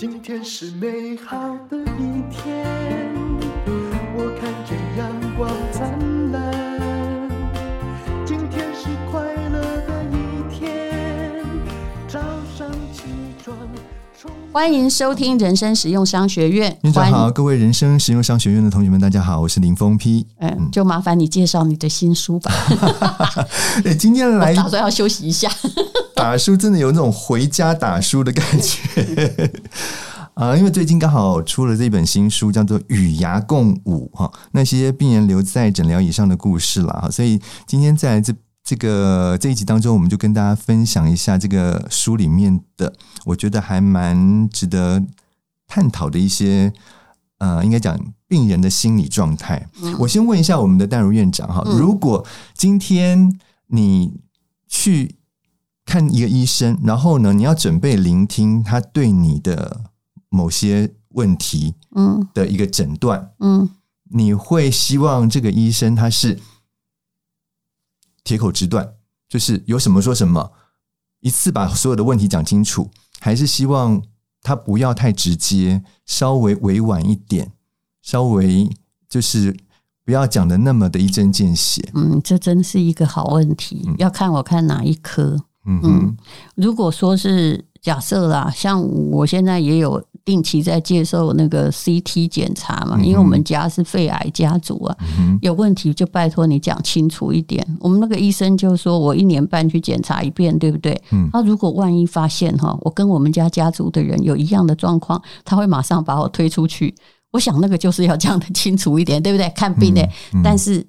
今天是美好的一天，我看見陽光燦爛。今天是快樂的一天，早上起床，歡迎收聽人生實用商學院。大家好，各位人生實用商學院的同學們，大家好，我是林峰丕。嗯，就麻煩你介紹你的新書吧。 今天來，打算要休息一下，哈哈。打書真的有那種回家打書的感覺啊！因為最近剛好出了這本新書，叫做《與牙共舞》哈，那些病人留在診療椅上的故事了。所以今天在這這個這一集當中，我們就跟大家分享一下這個書裡面的，我覺得還蠻值得探討的一些呃，應該講病人的心理狀態。我先問一下我們的淡如院長哈，如果今天你去。看一個醫生，然後呢，你要準備聆聽他對你的某些問題，嗯，的一個診斷，嗯，嗯，你會希望這個醫生他是鐵口直斷，就是有什麼說什麼，一次把所有的問題講清楚，還是希望他不要太直接，稍微委婉一點，稍微就是不要講的那麼的一針見血？嗯，這真是一個好問題，嗯，要看我看哪一科。嗯，如果說是假設啦，像我現在也有定期在接受那個 CT 檢查嘛，因為我們家是肺癌家族啊，嗯、有問題就拜托你講清楚一點。我們那個醫生就說我一年半去檢查一遍，對不對？他如果萬一發現哈，我跟我們家家族的人有一樣的狀況，他會馬上把我推出去。我想那個就是要講得清楚一點，對不對？看病的、欸嗯，但是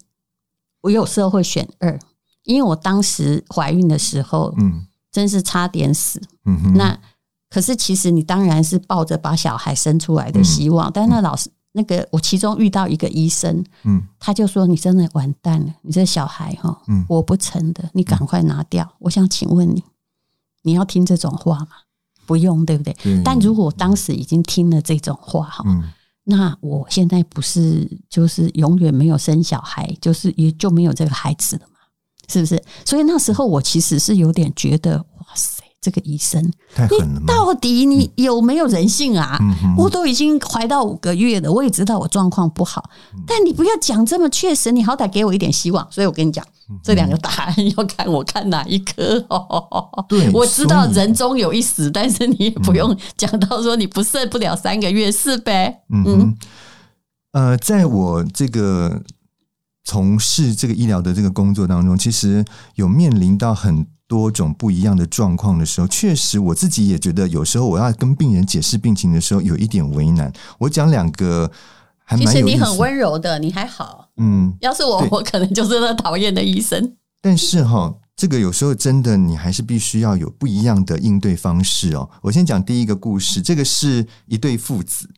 我有時候會選二。因為我當時懷孕的時候，嗯，真是差點死，嗯哼、那可是，其實你當然是抱着把小孩生出來的希望，嗯、但是那老師、嗯、那個，我其中遇到一個醫生，嗯，他就說：“你真的完蛋了，你這個小孩哈、嗯，我不成的，你趕快拿掉。”我想請問你，你要聽這種話嗎？不用，對不對？嗯、但如果我當時已經聽了這種話，哈、嗯，那我現在不是就是永遠沒有生小孩，就是也就沒有這個孩子了。是不是？所以那時候我其實是有點覺得，哇塞，這個醫生太狠了，你到底你有沒有人性啊？嗯、我都已經懷到五個月了，我也知道我狀況不好，嗯，但你不要講這麼確實，你好歹給我一點希望。所以我跟你講，嗯，這兩個答案要看我看哪一個、哦。對，我知道人終有一死，但是你也不用講到說你不剩不了三個月是唄？嗯，呃，在我這個。從事這個醫療的這個工作當中，其實有面臨到很多種不一樣的狀況的時候，確實我自己也覺得，有時候我要跟病人解釋病情的時候，有一點為難。我講兩個，還蠻有。其實你很溫柔的，你還好，嗯。要是我，我可能就是那討厭的醫生。但是哈，哦，這個有時候真的，你還是必須要有不一樣的應對方式哦。我先講第一個故事，這個是一對父子。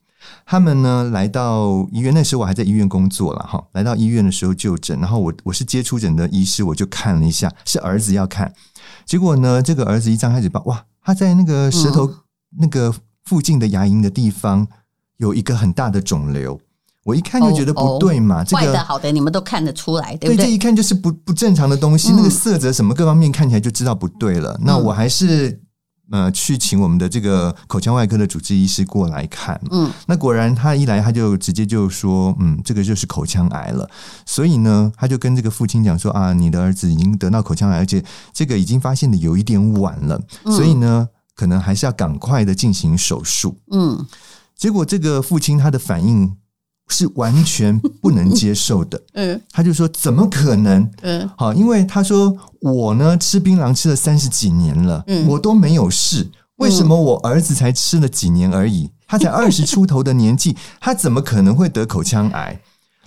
他們呢，來到醫院，那時候我還在醫院工作了哈。來到醫院的時候就診，然後我我是接觸診的醫師，我就看了一下，是兒子要看。結果呢，這個兒子一張開嘴巴，哇，他在那個舌頭、嗯、那個附近的牙齦的地方有一個很大的腫瘤。我一看就覺得不對嘛，哦哦這個、壞的好的你們都看得出來，對不對？對這一看就是不不正常的東西，嗯、那個色澤什麼各方面看起來就知道不對了。嗯、那我還是。呃，去請我們的這個口腔外科的主治醫師過來看，嗯，那果然他一來他就直接就說，嗯，這個就是口腔癌了。所以呢，他就跟這個父親講說啊，你的兒子已經得到口腔癌，而且這個已經發現的有一點晚了。嗯，所以呢，可能還是要趕快的進行手術。嗯，結果這個父親他的反應。是完全不能接受的， 嗯，他就說怎麼可能？嗯，好，因為他說我呢吃檳榔吃了三十幾年了，嗯，我都沒有事，嗯，為什麼我兒子才吃了幾年而已，他才二十出頭的年紀， 他怎麼可能會得口腔癌？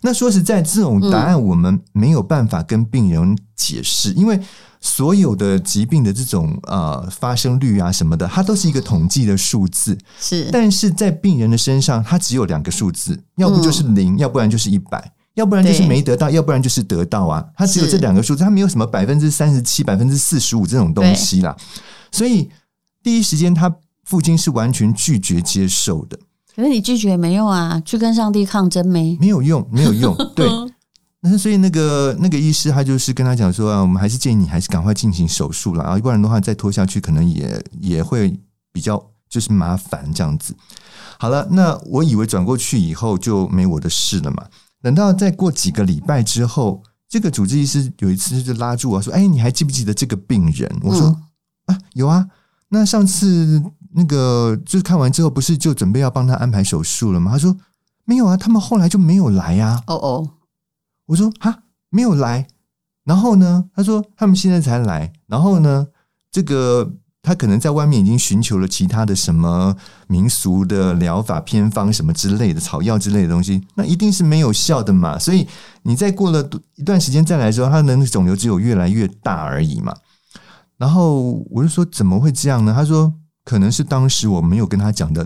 那說實在，這種答案我們沒有辦法跟病人解釋，嗯，因為所有的疾病的這種呃發生率啊什麼的，它都是一個統計的數字。是，但是在病人的身上，它只有兩個數字，要不就是零，嗯，要不然就是一百，要不然就是沒得到，要不然就是得到啊。它只有這兩個數字，它沒有什麼百分之三十七、百分之四十五這種東西啦。所以第一時間，他父親是完全拒絕接受的。可是你拒絕也沒用啊，去跟上帝抗爭沒？沒有用，沒有用。對， 那所以那個那個醫師他就是跟他講說啊，我們還是建議你還是趕快進行手術了，然後不然的話再拖下去，可能也也會比較就是麻煩這樣子。好了，那我以為轉過去以後就沒我的事了嘛。等到再過幾個禮拜之後，這個主治醫師有一次就拉住我說：“哎，你還記不記得這個病人？”我說：“嗯、啊，有啊，那上次。”那個就是看完之後，不是就準備要幫他安排手術了嗎？他說沒有啊，他們後來就沒有來呀、啊。哦哦，我說哈沒有來，然後呢？他說他們現在才來，然後呢？這個他可能在外面已經尋求了其他的什麼民俗的療法、偏方什麼之類的草藥之類的東西，那一定是沒有效的嘛。所以你再過了一段時間再來的時候，他人的腫瘤只有越來越大而已嘛。然後我就說怎麼會這樣呢？他說。可能是當時我沒有跟他講的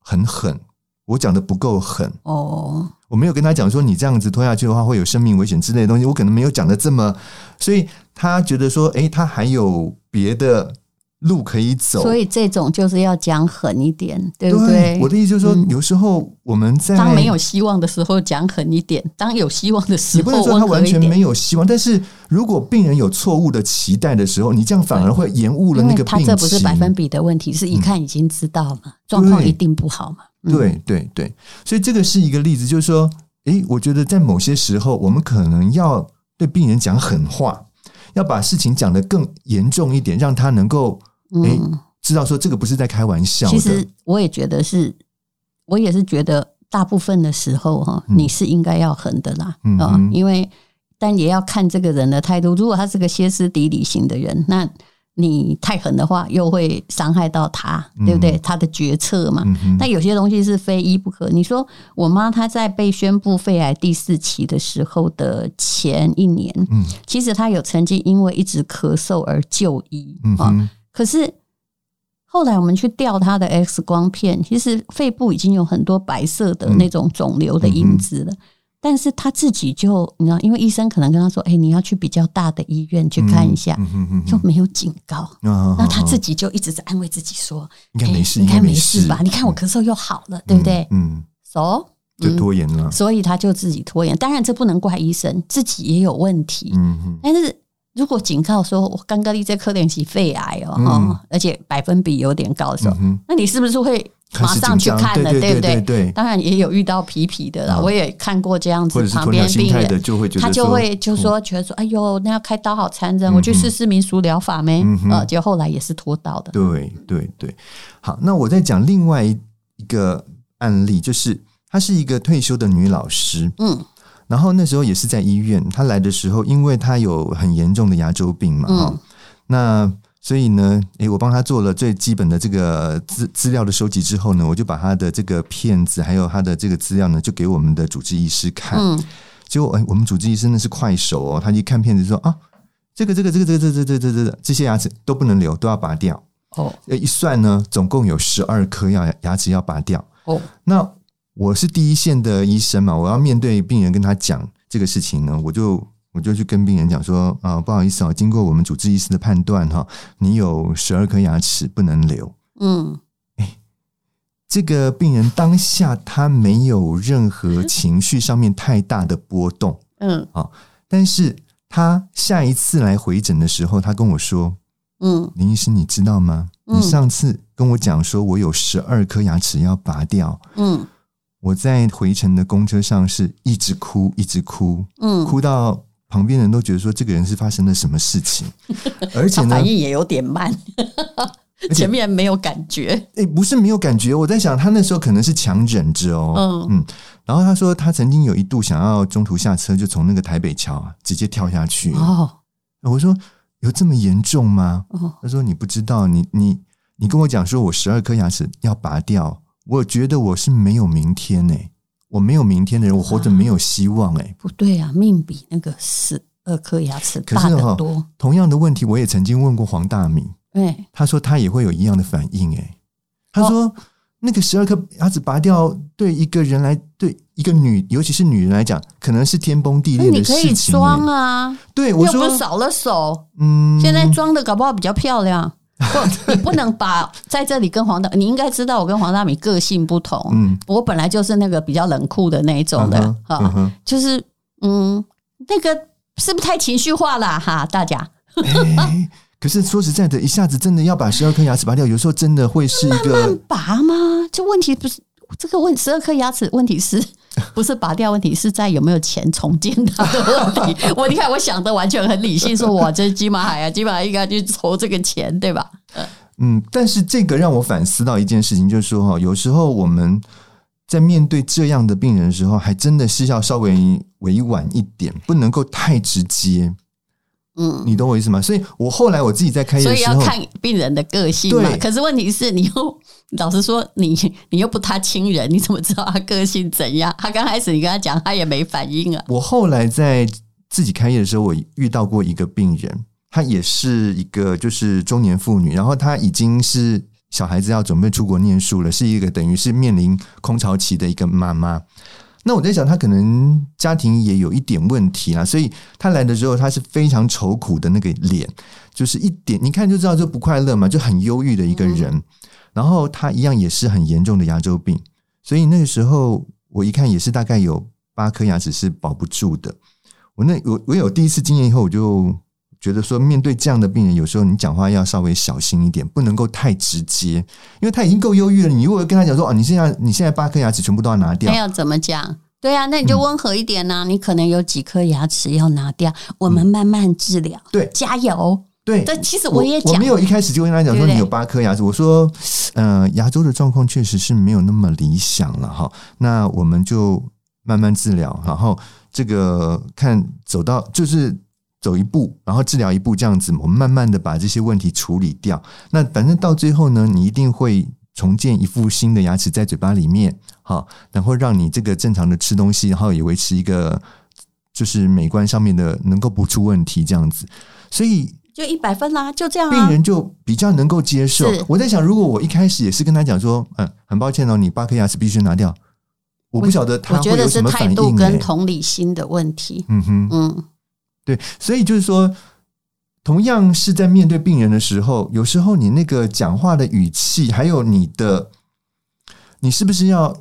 很狠，我講的不夠狠哦，oh. 我沒有跟他講說，你這樣子拖下去的話會有生命危險之類的東西，我可能沒有講的這麼，所以他覺得說，哎、欸，他還有別的。路可以走，所以這種就是要講狠一點，對不對？對，我的意思就是說，嗯、有時候我們在當沒有希望的時候講狠一點，當有希望的時候，也不能說他完全沒有希望。但是如果病人有錯誤的期待的時候，你這樣反而會延誤了那個病情。他這不是百分比的問題，是一看已經知道了嘛、嗯，狀況一定不好嘛。對、嗯、對對，對，所以這個是一個例子，就是說，誒，我覺得在某些時候，我們可能要對病人講狠話，要把事情講得更嚴重一點，讓他能夠。嗯、欸，知道說這個不是在開玩笑、嗯。其實我也覺得是，我也是覺得大部分的時候哈、嗯，你是應該要狠的啦，嗯、因為但也要看這個人的態度。如果他是個歇斯底里型的人，那你太狠的話，又會傷害到他，對不對？嗯、他的決策嘛、嗯。但有些東西是非醫不可。你說我媽她在被宣布肺癌第四期的時候的前一年，嗯，其實她有曾經因為一直咳嗽而就醫，嗯可是後來我們去調他的 X 光片，其實肺部已經有很多白色的那種腫瘤的影子了、嗯嗯。但是他自己就你知道，因為醫生可能跟他說：“哎、欸，你要去比較大的醫院去看一下。嗯嗯哼嗯哼”就沒有警告。那、啊、他自己就一直在安慰自己說：“應該沒事，欸、應該沒事吧沒事？你看我咳嗽又好了，嗯、對不對？”嗯，所、嗯、以、so, 嗯、就拖延了。所以他就自己拖延。當然，這不能怪醫生，自己也有問題。嗯但是。如果警告說，我剛剛的這課東西肺癌哦、嗯，而且百分比有點高的時候、嗯、那你是不是會馬上去看了對，對，對，對不對？對，對，當然也有遇到皮皮的了、啊，我也看過這樣子，旁邊病人就會覺得他就會就說、嗯，覺得說，哎呦，那要開刀好殘忍，我去試試民俗療法沒？啊、嗯、就、嗯、後來也是拖到的。對對對，好，那我再講另外一個案例，就是她是一個退休的女老師，嗯。然後那時候也是在醫院，他來的時候，因為他有很嚴重的牙周病嘛，哈、嗯，那所以呢，哎，我幫他做了最基本的這個資資料的收集之後呢，我就把他的這個片子還有他的這個資料呢，就給我們的主治醫師看。嗯，結果哎，我們主治醫師那是快手哦，他一看片子就說啊，這個這個這個這這這這這些牙齒都不能留，都要拔掉哦。一算呢，總共有十二顆牙牙齒要拔掉哦。那我是第一線的醫生嘛，我要面對病人跟他講這個事情呢，我就我就去跟病人講說，啊，不好意思啊，經過我們主治醫師的判斷哈，你有十二顆牙齒不能留，嗯，哎，這個病人當下他沒有任何情緒上面太大的波動，嗯，啊，但是他下一次來回診的時候，他跟我說，嗯，林醫師你知道嗎？嗯，你上次跟我講說我有十二顆牙齒要拔掉，嗯。我在回程的公車上是一直哭，一直哭，嗯，哭到旁邊人都覺得說這個人是發生了什麼事情，嗯、而且呢反應也有點慢，前面沒有感覺。哎、欸，不是沒有感覺，我在想他那時候可能是強忍着哦嗯，嗯，然後他說他曾經有一度想要中途下車，就從那個台北橋啊直接跳下去哦。我說有這麼嚴重嗎、哦？他說你不知道，你你你跟我講說我十二顆牙齒要拔掉。我覺得我是沒有明天呢，欸，我沒有明天的人，我活着沒有希望哎，欸啊。不對啊，命比那個十二顆牙齒大得多。哦，同樣的問題，我也曾經問過黃大米，對，他說他也會有一樣的反應哎，欸。他說，哦，那個十二顆牙齒拔掉，對一個人來，對一個女，尤其是女人來講，可能是天崩地裂的事情、欸。你可以裝啊，對我說少了手，嗯，現在裝的搞不好比較漂亮。不，你不能把在這裡跟黃大米，你應該知道我跟黃大米個性不同。嗯，我本來就是那個比較冷酷的那一種的哈、嗯嗯，就是嗯，那個是不是太情緒化了哈？大家。欸、 可是說實在的，一下子真的要把十二顆牙齒拔掉，有時候真的會是一個。慢慢拔嗎？這問題不是這個問，十二顆牙齒問題是。不是拔掉問題，是在有沒有錢重建它的問題。 我你看，我想的完全很理性，說哇，這金馬海啊，金馬海應該去籌這個錢，對吧？嗯嗯，但是這個讓我反思到一件事情，就是說哈，有時候我們在面對這樣的病人的時候，還真的是要稍微委婉一點，不能夠太直接。嗯，你懂我意思嗎？所以我後來我自己在開業的時候，所以要看病人的個性嘛。對，可是問題是你又老實說你，你，你又不他親人，你怎麼知道他個性怎樣？他剛開始你跟他講，他也沒反應啊。我後來在自己開業的時候，我遇到過一個病人，她也是一個就是中年婦女，然後她已經是小孩子要準備出國唸書了，是一個等於是面臨空巢期的一個媽媽。那我在想，他可能家庭也有一點問題啦，啊，所以他來的時候，他是非常愁苦的那個臉，就是一點你看就知道就不快樂嘛，就很憂鬱的一個人，嗯。然後他一樣也是很嚴重的牙周病，所以那個時候我一看也是大概有八顆牙齒是保不住的。我那我我有第一次經驗以後，我就。覺得說，面對這樣的病人，有時候你講話要稍微小心一點，不能夠太直接，因為他已經夠憂鬱了。你如果跟他講說：“哦，你現在你現在八顆牙齒全部都要拿掉。”那要怎麼講？對呀、啊，那你就溫和一點呢、啊嗯。你可能有幾顆牙齒要拿掉，我們慢慢治療、嗯。對，加油。對，但其實我也講我，我沒有一開始就跟他講說你有八顆牙齒。對對，我說，嗯、呃，牙周的狀況確實是沒有那麼理想了哈。那我們就慢慢治療，然後這個看走到就是。走一步，然後治療一步，這樣子，我們慢慢的把這些問題處理掉。那反正到最後呢，你一定會重建一副新的牙齒在嘴巴裡面，好，然後讓你這個正常的吃東西，然後也維持一個就是美觀上面的能夠不出問題這樣子。所以就一百分啦，就這樣啊。病人就比較能夠接受。我在想，如果我一開始也是跟他講說，嗯，很抱歉哦，你八顆牙齒必須拿掉，我不曉得他會有什麼反應。我覺得是態度跟同理心的問題。嗯哼，嗯。對，所以就是說，同樣是在面對病人的時候，有時候你那個講話的語氣，還有你的，你是不是要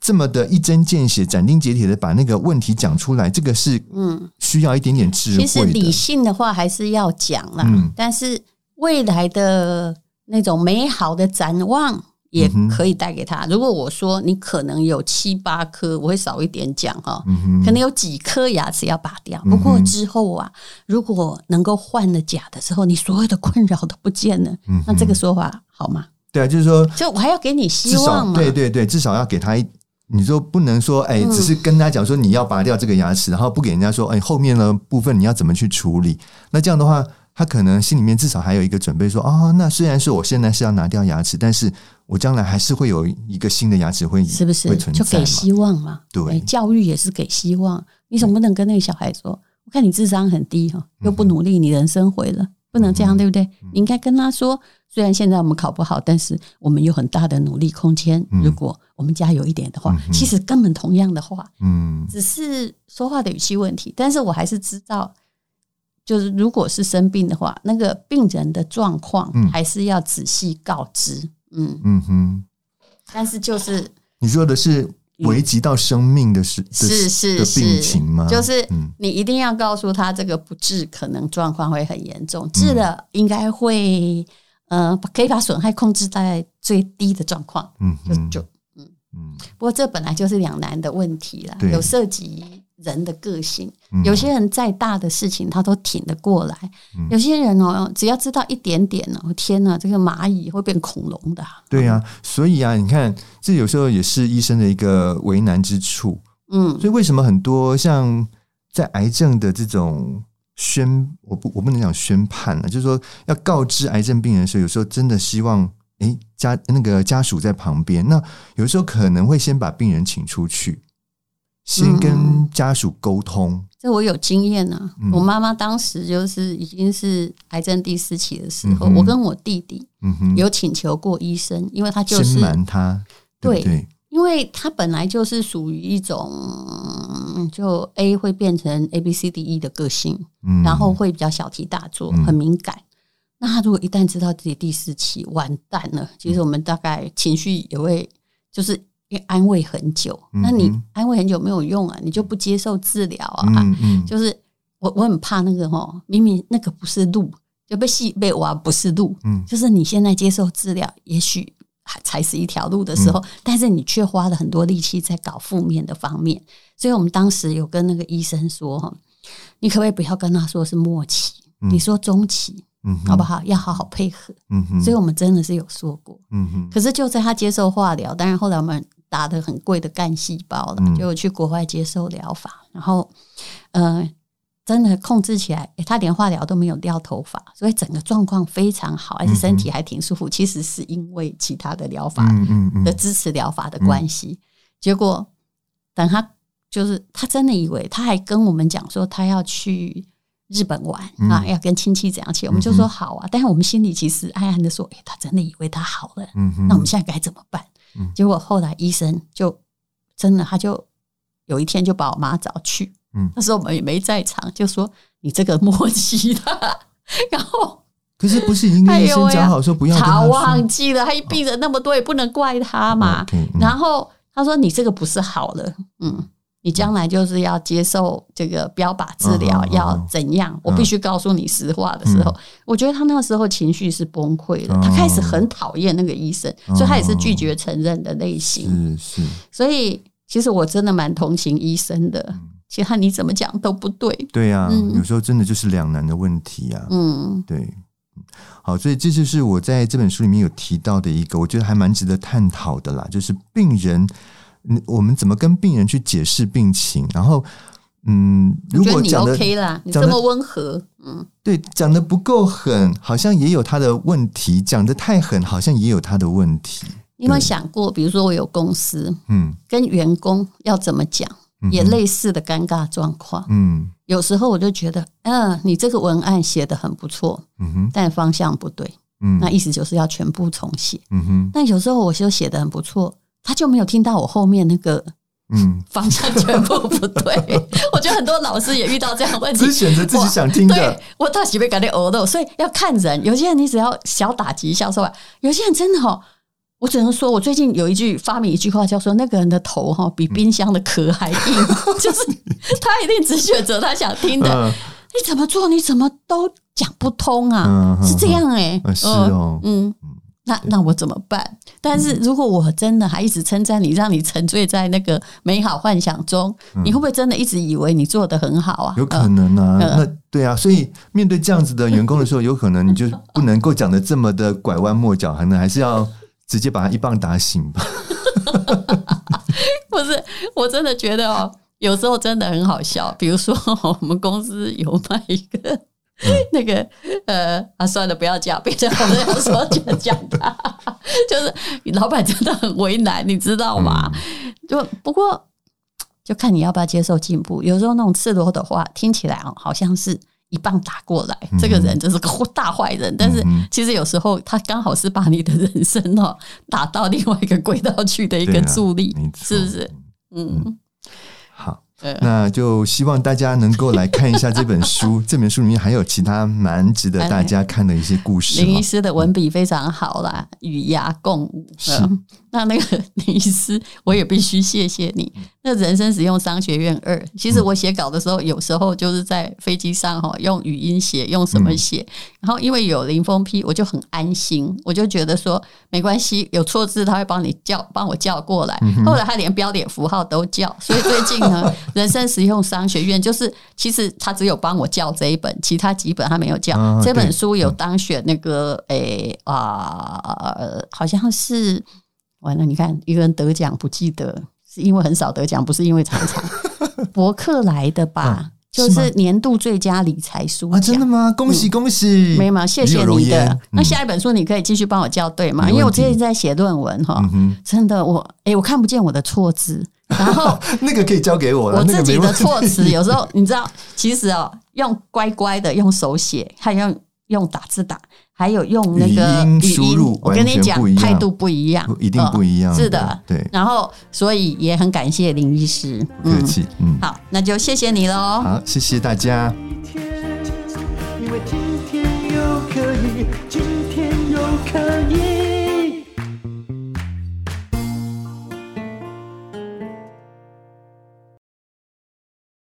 這麼的一針見血、斬釘截鐵的把那個問題講出來？這個是嗯，需要一點點智慧的，嗯。其實理性的話還是要講啦，嗯，但是未來的那種美好的展望。也可以帶給他。如果我說你可能有七八顆，我會少一點講哈、哦，可能有幾顆牙齒要拔掉。不過之後啊，如果能夠換了假的時候，你所有的困擾都不見了。那這個說法好嗎？對啊，就是說，就我還要給你希望嘛，至少。對對對，至少要給他一，你說不能說哎、欸，只是跟他講說你要拔掉這個牙齒，然後不給人家說哎、欸，後面的部分你要怎麼去處理？那這樣的話，他可能心裡面至少還有一個準備說，說、哦、啊，那雖然是我現在是要拿掉牙齒，但是，我將來還是會有一個新的牙齒會，是不是？會存在嘛？就給希望嘛？對、欸，教育也是給希望。你總不能跟那個小孩說：“嗯、我看你智商很低哈，又不努力，你人生毀了，不能這樣，嗯、對不對？”你應該跟他說：“雖然現在我們考不好，但是我們有很大的努力空間。如果我們加油一點的話、嗯，其實根本同樣的話，嗯，只是說話的語氣問題。但是我還是知道，就是如果是生病的話，那個病人的狀況還是要仔細告知。嗯”嗯嗯哼，但是就是你說的是危及到生命的，嗯、的是是是的病情嗎？就是你一定要告訴他，這個不治可能狀況會很嚴重，嗯、治了應該會嗯、呃，可以把損害控制在最低的狀況。嗯哼、就是、就嗯嗯嗯，不過這本來就是兩難的問題啦，對。有涉及。人的個性，嗯、有些人再大的事情他都挺得過來、嗯，有些人哦，只要知道一點點哦，天哪、啊，這個螞蟻會變恐龍的、啊。對呀、啊，所以啊，你看這有時候也是醫生的一個為難之處。嗯，所以為什麼很多像在癌症的這種宣，我不，我不能講宣判了、啊，就是說要告知癌症病人的時候，有時候真的希望哎、欸、家那個家屬在旁邊，那有時候可能會先把病人請出去。先跟家屬溝通、嗯，這我有經驗啊、嗯。我媽媽當時就是已經是癌症第四期的時候，嗯、我跟我弟弟有請求過醫生，嗯、因為他就是隱瞞她對，對，對，因為他本來就是屬於一種就 A 會變成 A B C D E 的個性、嗯，然後會比較小題大做，嗯、很敏感、嗯。那他如果一旦知道自己第四期完蛋了，其實我們大概情緒也會就是。也安慰很久、嗯，那你安慰很久沒有用啊，你就不接受治療啊。嗯嗯，就是我我很怕那個哈，明明那個不是路，就被戲被挖不是路、嗯，就是你現在接受治療，也許還才是一條路的時候，嗯、但是你卻花了很多力氣在搞負面的方面，所以我們當時有跟那個醫生說哈，你可不可以不要跟他說是末期、嗯，你說中期、嗯，好不好？要好好配合、嗯，所以我們真的是有說過，嗯、可是就在他接受化療，當然後來我們。打得很貴的幹細胞了，就去國外接受療法、嗯，然後，呃，真的控制起來，欸、他連化療都沒有掉頭髮，所以整個狀況非常好，而且身體還挺舒服。嗯、其實是因為其他的療法的支持療法的關係、嗯嗯嗯。結果等他就是他真的以為，他還跟我們講說他要去日本玩、嗯、啊，要跟親戚怎樣去，我們就說好啊。嗯嗯、但是我們心裡其實暗暗的說，哎、欸，他真的以為他好了，嗯嗯、那我們現在該怎麼辦？嗯、結果後來醫生就真的，他就有一天就把我媽找去，嗯，那時候我們也沒在場，就說你這個末期了，然後可是不是已經跟醫生講好說不要跟他說，哎，忘記了，他病人那麼多，也不能怪他嘛，哦 okay, 嗯。然後他說你這個不是好了，嗯。你將來就是要接受這個標靶治療，要怎樣？我必須告訴你實話的時候，我覺得他那時候情緒是崩潰的。他開始很討厭那個醫生，所以他也是拒絕承認的類型。是是，所以其實我真的蠻同情醫生的，其他你怎麼講都不對。對啊，有時候真的就是兩難的問題呀。嗯，對。好，所以這就是我在這本書裡面有提到的一個，我覺得還蠻值得探討的啦，就是病人。我們怎麼跟病人去解釋病情？然後，嗯，如果你 OK 啦，你這麼溫和，嗯，對，講得不夠狠，好像也有他的問題；講得太狠，好像也有他的問題。你有沒有想過，比如說我有公司，嗯，跟員工要怎麼講，也類似的尷尬狀況。嗯，有時候我就覺得，嗯、呃，你這個文案寫得很不錯，嗯哼，但方向不對，嗯，那意思就是要全部重寫，嗯哼。但有時候我就寫得很不錯。他就沒有聽到我後面那個嗯方向全部不對，嗯， 我覺得很多老師也遇到這樣的問題，只選擇自己想聽的對，我特別感覺耳朵，所以要看人。有些人你只要小打擊一下之有些人真的哦，我只能說，我最近有一句發明一句話，叫做“那個人的頭哈比冰箱的殼還硬”，嗯、就是他一定只選擇他想聽的，嗯、你怎麼做你怎麼都講不通啊？嗯、是這樣哎、欸，嗯、是哦，嗯。那那我怎麼辦？但是如果我真的還一直稱讚你，嗯，讓你沉醉在那個美好幻想中，你會不會真的一直以為你做得很好啊？有可能啊，嗯、那對啊，所以面對這樣子的員工的時候，嗯、有可能你就不能夠講得這麼的拐彎抹角，可 能還是要直接把他一棒打醒吧 。不是，我真的覺得哦，有時候真的很好笑。比如說，我們公司有賣一個。嗯、 那個呃啊，算了，不要講，變成我們要說就講他， 就是老闆真的很為難，你知道嗎？嗯、就不過就看你要不要接受進步。有時候那種赤裸的話聽起來啊、哦，好像是一棒打過來，嗯、這個人就是個大壞人。嗯嗯，但是其實有時候他剛好是把你的人生哦打到另外一個軌道去的一個助力，嗯、是不是？嗯，嗯。啊、那就希望大家能夠來看一下這本書。 這本書裡面還有其他蠻值得大家看的一些故事、哎。林醫師的文筆非常好啦，與、嗯、牙共舞。是， 那那個林醫師，我也必須謝謝你。那人生實用商學院二，其實我寫稿的時候、嗯，有時候就是在飛機上哈，用語音寫，用什麼寫、嗯？然後因為有林峰丕，我就很安心，我就覺得說沒關係，有錯字他會幫你叫，幫我叫過來。後來他連標點符號都叫，所以最近呢， 人生實用商學院就是，其實他只有幫我叫這一本，其他幾本他沒有叫。啊、這本書有當選那個誒、嗯欸、啊，好像是完了，你看一個人得獎不記得。因為很少得獎，不是因為常常博客 來的吧、嗯？就是年度最佳理財書啊，啊！真的嗎？恭喜恭喜！嗯、沒嘛，謝謝你的你。那下一本書你可以繼續幫我校對嗎？因為我最近在寫論文哈、嗯，真的我哎、欸，我看不見我的錯字，然後 那個可以交給我了，我自己的錯字有時候、那個、你知道，其實哦，用乖乖的用手寫，還用用打字打。還有用那個語音輸入，我跟你講，態度不一樣，哦，一定不一樣，是的。對，然後所以也很感謝林醫師，客氣，嗯，好，嗯，那就謝謝你嘍，好，謝謝大家。